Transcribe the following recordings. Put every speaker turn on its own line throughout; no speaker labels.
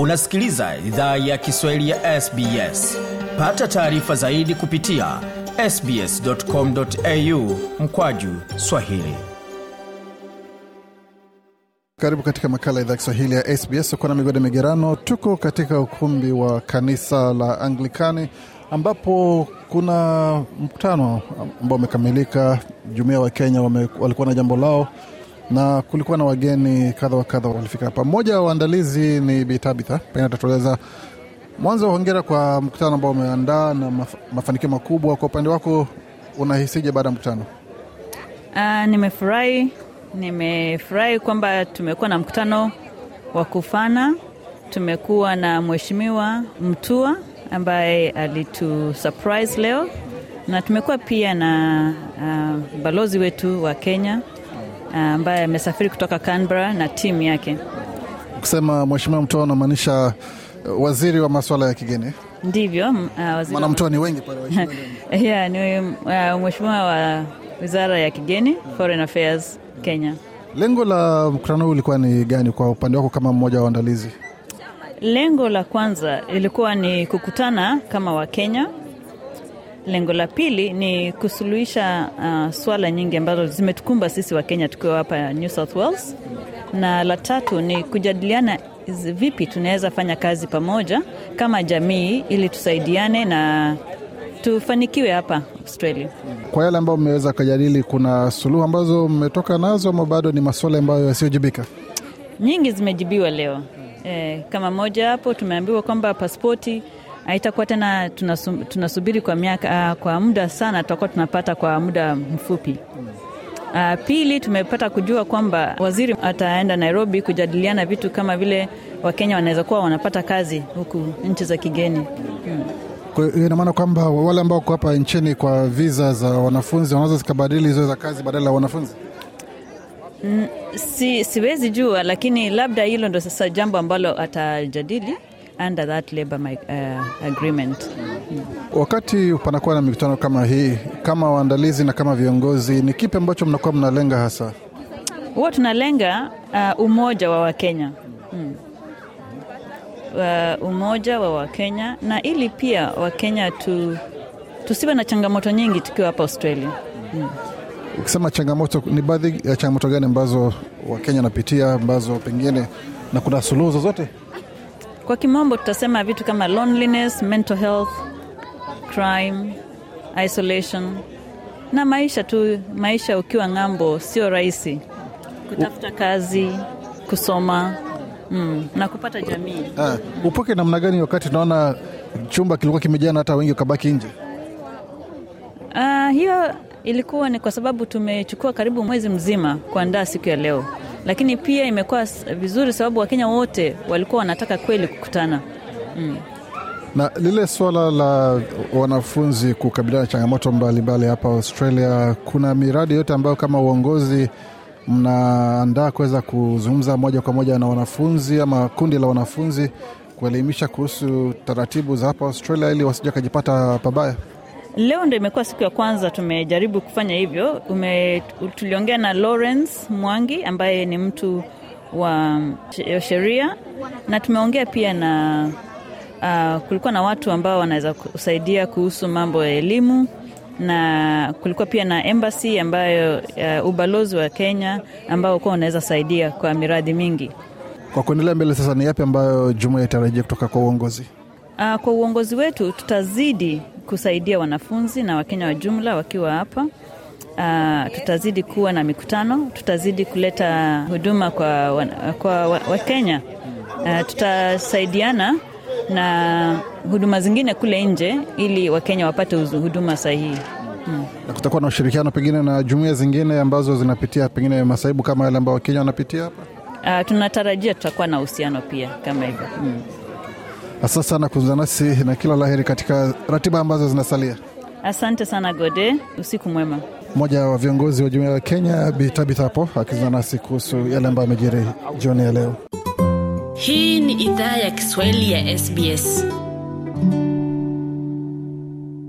unasikiliza idhaa ya kiswahili ya sbs pata taarifa zaidi kupitia sbscomau mkwaju swahili
karibu katika makala ya idhaa kiswahili ya sbs ukuwa na migode migerano tuko katika ukumbi wa kanisa la anglikani ambapo kuna mkutano ambao umekamilika jumuia wa kenya walikuwa na jambo lao na kulikuwa na wageni kadha wa kadha walifika hapa. Mmoja wa waandalizi ni Bitabitha, pengine atatueleza mwanzo hongera kwa mkutano ambao umeandaa na maf mafanikio makubwa. Kwa upande wako unahisije baada ya mkutano?
Uh, nimefurahi nimefurahi kwamba tumekuwa na mkutano wa kufana. Tumekuwa na mheshimiwa Mtua ambaye alitu surprise leo na tumekuwa pia na uh, balozi wetu wa Kenya Ah, ambaye amesafiri kutoka Canberra na timu yake.
Ukisema Mheshimiwa Mtoa unamaanisha uh, waziri wa masuala ya kigeni?
Ndivyo. Uh, maana Mtoa ni wengi pale yeah, ni uh, mheshimiwa wa wizara ya kigeni hmm. Foreign Affairs hmm. Kenya.
Lengo la mkutano huu ulikuwa ni gani kwa upande wako kama mmoja wa waandalizi?
Lengo la kwanza ilikuwa ni kukutana kama Wakenya Lengo la pili ni kusuluhisha uh, swala nyingi ambazo zimetukumba sisi Wakenya tukiwa hapa New South Wales, na la tatu ni kujadiliana vipi tunaweza fanya kazi pamoja kama jamii ili tusaidiane na tufanikiwe hapa Australia.
Kwa yale ambayo mmeweza kujadili, kuna suluhu ambazo mmetoka nazo ama bado ni maswala ambayo yasiyojibika?
Nyingi zimejibiwa leo. E, kama moja hapo tumeambiwa kwamba paspoti haitakuwa tena tunasum, tunasubiri kwa miaka ah, kwa muda sana, tutakuwa tunapata kwa muda mfupi. Uh, pili tumepata kujua kwamba waziri ataenda Nairobi kujadiliana vitu kama vile Wakenya wanaweza kuwa wanapata kazi huku nchi za kigeni
hmm. Ina maana kwamba wale ambao wako hapa nchini kwa viza za wanafunzi wanaweza zikabadili hizo za kazi badala ya wanafunzi
mm, si, siwezi jua, lakini labda hilo ndo sasa jambo ambalo atajadili under that labor uh, agreement.
Wakati panakuwa na mikutano kama hii, kama waandalizi na kama viongozi, ni kipi ambacho mnakuwa mnalenga hasa?
Huwa tunalenga uh, umoja wa Wakenya hmm. Uh, umoja wa Wakenya na ili pia Wakenya tu, tusiwe na changamoto nyingi tukiwa hapa Australia Hmm.
Ukisema changamoto, ni baadhi ya changamoto gani ambazo Wakenya wanapitia ambazo pengine na kuna suluhu zozote?
Kwa kimombo tutasema vitu kama loneliness, mental health, crime, isolation na maisha tu. Maisha ukiwa ng'ambo sio rahisi, kutafuta kazi, kusoma mm, na kupata jamii.
Ah, upoke namna gani wakati tunaona chumba kilikuwa kimejaa na hata wengi wakabaki nje?
Ah, hiyo ilikuwa ni kwa sababu tumechukua karibu mwezi mzima kuandaa siku ya leo lakini pia imekuwa vizuri sababu Wakenya wote walikuwa wanataka kweli kukutana mm.
Na lile suala la wanafunzi kukabiliana na changamoto mbalimbali hapa Australia, kuna miradi yote ambayo kama uongozi mnaandaa kuweza kuzungumza moja kwa moja na wanafunzi ama kundi la wanafunzi kuelimisha kuhusu taratibu za hapa Australia ili wasija wakajipata pabaya?
Leo ndo imekuwa siku ya kwanza tumejaribu kufanya hivyo. Ume, tuliongea na Lawrence Mwangi ambaye ni mtu wa sheria na tumeongea pia na uh, kulikuwa na watu ambao wanaweza kusaidia kuhusu mambo ya elimu na kulikuwa pia na embassy ambayo uh, ubalozi wa Kenya ambao kuwa unaweza saidia kwa miradi mingi.
Kwa kuendelea mbele sasa, ni yapi ambayo jumuia itarajia kutoka kwa uongozi?
Uh, kwa uongozi wetu tutazidi kusaidia wanafunzi na Wakenya wa jumla wakiwa hapa. Uh, tutazidi kuwa na mikutano, tutazidi kuleta huduma kwa, kwa Wakenya wa uh, tutasaidiana na huduma zingine kule nje ili Wakenya wapate huduma sahihi.
Hmm. Na kutakuwa na ushirikiano pengine na jumuia zingine ambazo zinapitia pengine masaibu kama yale ambayo Wakenya wanapitia hapa.
Uh, tunatarajia tutakuwa na uhusiano pia kama hivyo. Hmm.
Asante sana kuzungumza nasi na kila laheri katika ratiba ambazo zinasalia.
Asante sana Gode, usiku mwema.
Mmoja wa viongozi wa jumuiya ya Kenya Bi Tabitha hapo akizungumza nasi kuhusu yale ambayo amejiri jioni ya leo.
Hii ni idhaa ya Kiswahili ya SBS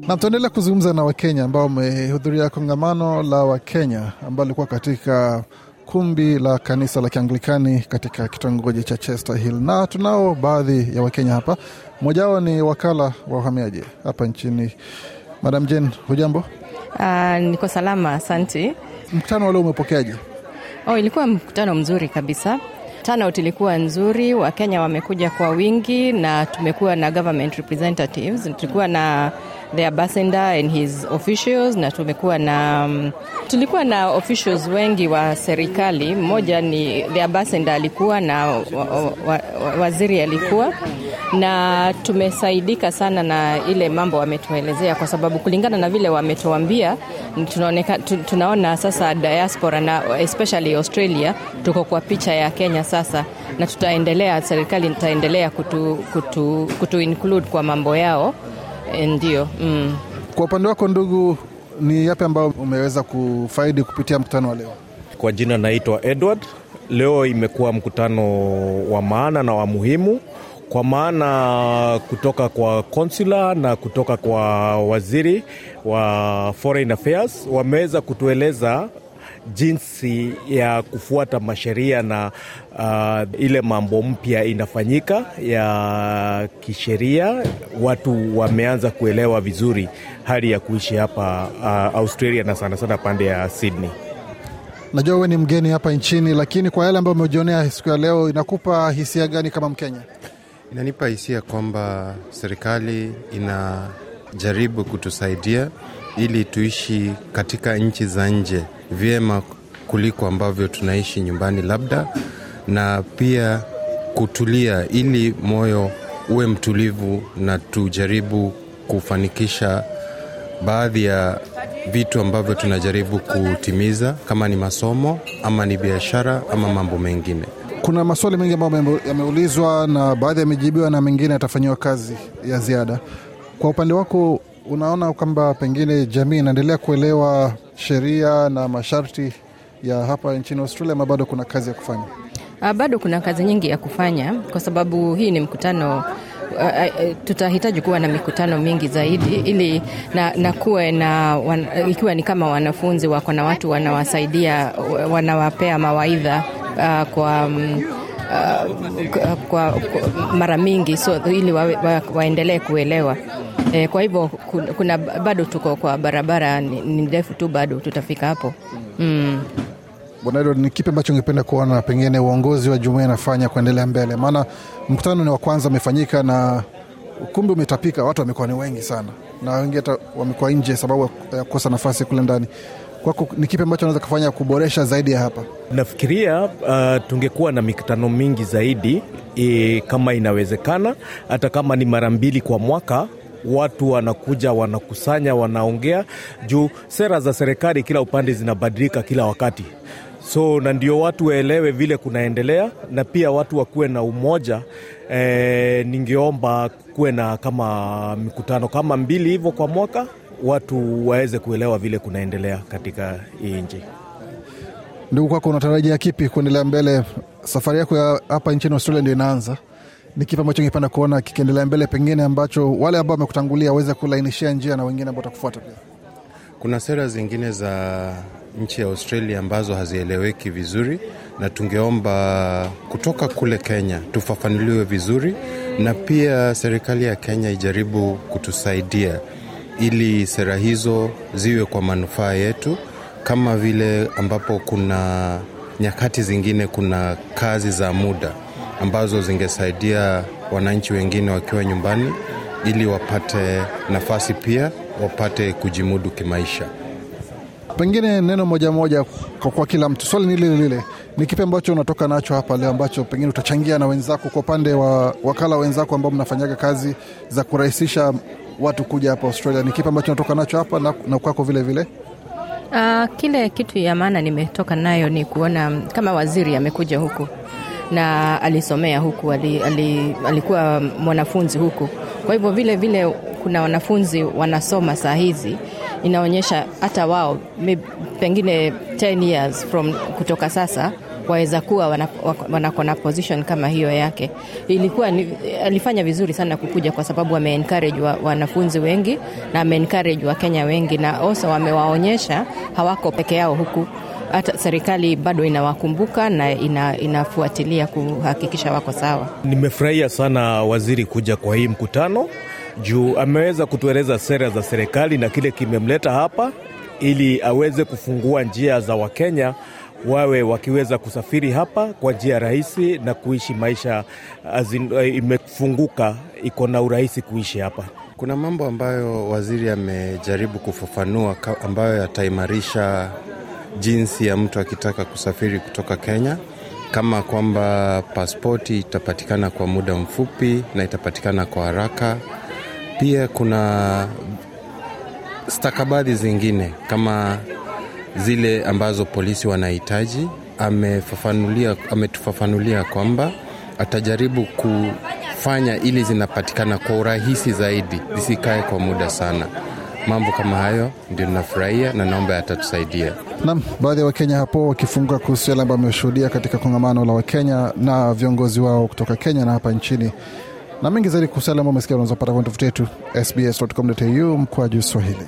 na tutaendelea kuzungumza na Wakenya ambao wamehudhuria kongamano la Wakenya ambao lilikuwa katika kumbi la kanisa la Kianglikani katika kitongoji cha Chester Hill, na tunao baadhi ya Wakenya hapa. Mmoja wao ni wakala wa uhamiaji hapa nchini. Madam Jen, hujambo?
Uh, niko salama, asante. Mkutano wa leo umepokeaje? Oh, ilikuwa mkutano mzuri kabisa. Turnout ilikuwa nzuri, Wakenya wamekuja kwa wingi na tumekuwa na government representatives, tulikuwa na the ambassador and his officials, na tumekuwa na tulikuwa na officials wengi wa serikali. Mmoja ni the ambassador alikuwa na wa, wa, wa, waziri alikuwa na tumesaidika sana na ile mambo wametuelezea, kwa sababu kulingana na vile wametuambia, tunaona sasa diaspora na especially Australia tuko kwa picha ya Kenya sasa, na tutaendelea serikali itaendelea kutu, kutu, kutu include kwa mambo yao
Eh, ndio Mm. Kwa upande wako ndugu, ni yapi ambayo umeweza kufaidi kupitia mkutano wa leo?
Kwa jina naitwa Edward. Leo imekuwa mkutano wa maana na wa muhimu kwa maana kutoka kwa konsula na kutoka kwa waziri wa foreign affairs wameweza kutueleza jinsi ya kufuata masheria na uh, ile mambo mpya inafanyika ya kisheria, watu wameanza kuelewa vizuri hali ya kuishi hapa uh, Australia na sana sana pande
ya Sydney.
Najua wewe ni mgeni hapa nchini, lakini kwa yale ambayo umejionea siku ya leo, inakupa hisia gani kama Mkenya?
Inanipa hisia kwamba serikali inajaribu kutusaidia ili tuishi katika nchi za nje vyema kuliko ambavyo tunaishi nyumbani labda, na pia kutulia, ili moyo uwe mtulivu na tujaribu kufanikisha baadhi ya vitu ambavyo tunajaribu kutimiza, kama ni masomo ama ni biashara ama mambo mengine.
Kuna maswali mengi ambayo yameulizwa na baadhi yamejibiwa na mengine yatafanyiwa kazi ya ziada. Kwa upande wako unaona kwamba pengine jamii inaendelea kuelewa sheria na masharti ya hapa nchini Australia ama bado kuna kazi ya kufanya?
Ah, bado kuna kazi nyingi ya kufanya kwa sababu hii ni mkutano Uh, tutahitaji kuwa na mikutano mingi zaidi ili na, na kuwe na wan, ikiwa ni kama wanafunzi wako na watu wanawasaidia wanawapea mawaidha uh, kwa um, uh, kwa, kwa mara mingi so, ili wa, wa, waendelee kuelewa e, kwa hivyo kuna, kuna bado tuko kwa barabara ni ndefu tu bado tutafika
hapo mm. Bwana Edward, ni kipi ambacho ungependa kuona pengine uongozi wa jumuia inafanya kuendelea mbele? Maana mkutano ni wa kwanza umefanyika na ukumbi umetapika, watu wamekuwa ni wengi sana na wengi hata wamekuwa nje sababu ya kukosa nafasi kule ndani kwako ni kipi ambacho unaweza kufanya kuboresha zaidi ya hapa?
Nafikiria uh, tungekuwa na mikutano mingi zaidi e, kama inawezekana, hata kama ni mara mbili kwa mwaka watu wanakuja wanakusanya, wanaongea juu sera za serikali kila upande zinabadilika kila wakati, so na ndio watu waelewe vile kunaendelea, na pia watu wakuwe na umoja. E, ningeomba kuwe na kama mikutano kama mbili hivyo kwa mwaka watu waweze kuelewa vile kunaendelea katika hii nchi.
Ndugu kwako, unatarajia kipi kuendelea mbele? Safari yako ya hapa nchini Australia ndio inaanza, ni kipi ambacho ngependa kuona kikiendelea mbele, pengine ambacho wale ambao wamekutangulia waweze kulainishia njia na wengine ambao watakufuata pia?
Kuna sera zingine za nchi ya Australia ambazo hazieleweki vizuri, na tungeomba kutoka kule Kenya tufafanuliwe vizuri, na pia serikali ya Kenya ijaribu kutusaidia ili sera hizo ziwe kwa manufaa yetu, kama vile ambapo kuna nyakati zingine kuna kazi za muda ambazo zingesaidia wananchi wengine wakiwa nyumbani, ili wapate nafasi pia wapate kujimudu kimaisha.
Pengine neno moja moja kwa, kwa kila mtu, swali ni lile lile, ni kipi ambacho unatoka nacho hapa leo ambacho pengine utachangia na wenzako kwa upande wa wakala wenzako ambao mnafanyaga kazi za kurahisisha watu kuja hapa Australia? Ni kipi ambacho natoka nacho hapa na, na kwako vile vile?
Uh, kile kitu ya maana nimetoka nayo ni kuona kama waziri amekuja huku na alisomea huku, ali, ali, alikuwa mwanafunzi huku, kwa hivyo vile vile kuna wanafunzi wanasoma saa hizi, inaonyesha hata wao pengine 10 years from kutoka sasa waweza kuwa wanako na position kama hiyo yake. Ilikuwa ni, alifanya vizuri sana kukuja kwa sababu ameencourage wa, wanafunzi wengi na wa Wakenya wengi na also wamewaonyesha hawako peke yao huku hata serikali bado inawakumbuka na ina, inafuatilia kuhakikisha wako sawa.
Nimefurahia sana waziri kuja kwa hii mkutano juu ameweza kutueleza sera za serikali na kile kimemleta hapa ili aweze kufungua njia za Wakenya wawe wakiweza kusafiri hapa kwa njia rahisi na kuishi maisha azin, uh, uh, imefunguka iko na urahisi kuishi hapa.
Kuna mambo ambayo waziri amejaribu kufafanua ambayo yataimarisha jinsi ya mtu akitaka kusafiri kutoka Kenya kama kwamba paspoti itapatikana kwa muda mfupi na itapatikana kwa haraka. Pia kuna stakabadhi zingine kama zile ambazo polisi wanahitaji. Amefafanulia, ametufafanulia kwamba atajaribu kufanya ili zinapatikana kwa urahisi zaidi, zisikae kwa muda sana. Mambo kama hayo ndio ninafurahia na naomba yatatusaidia.
Nam, baadhi ya Wakenya hapo wakifunguka kuhusu yale ambayo ameshuhudia katika kongamano la Wakenya na viongozi wao kutoka Kenya na hapa nchini, na mengi zaidi kuhusu yale ambayo umesikia, unaweza kupata kwenye tovuti yetu sbs.com.au mkoa juu Swahili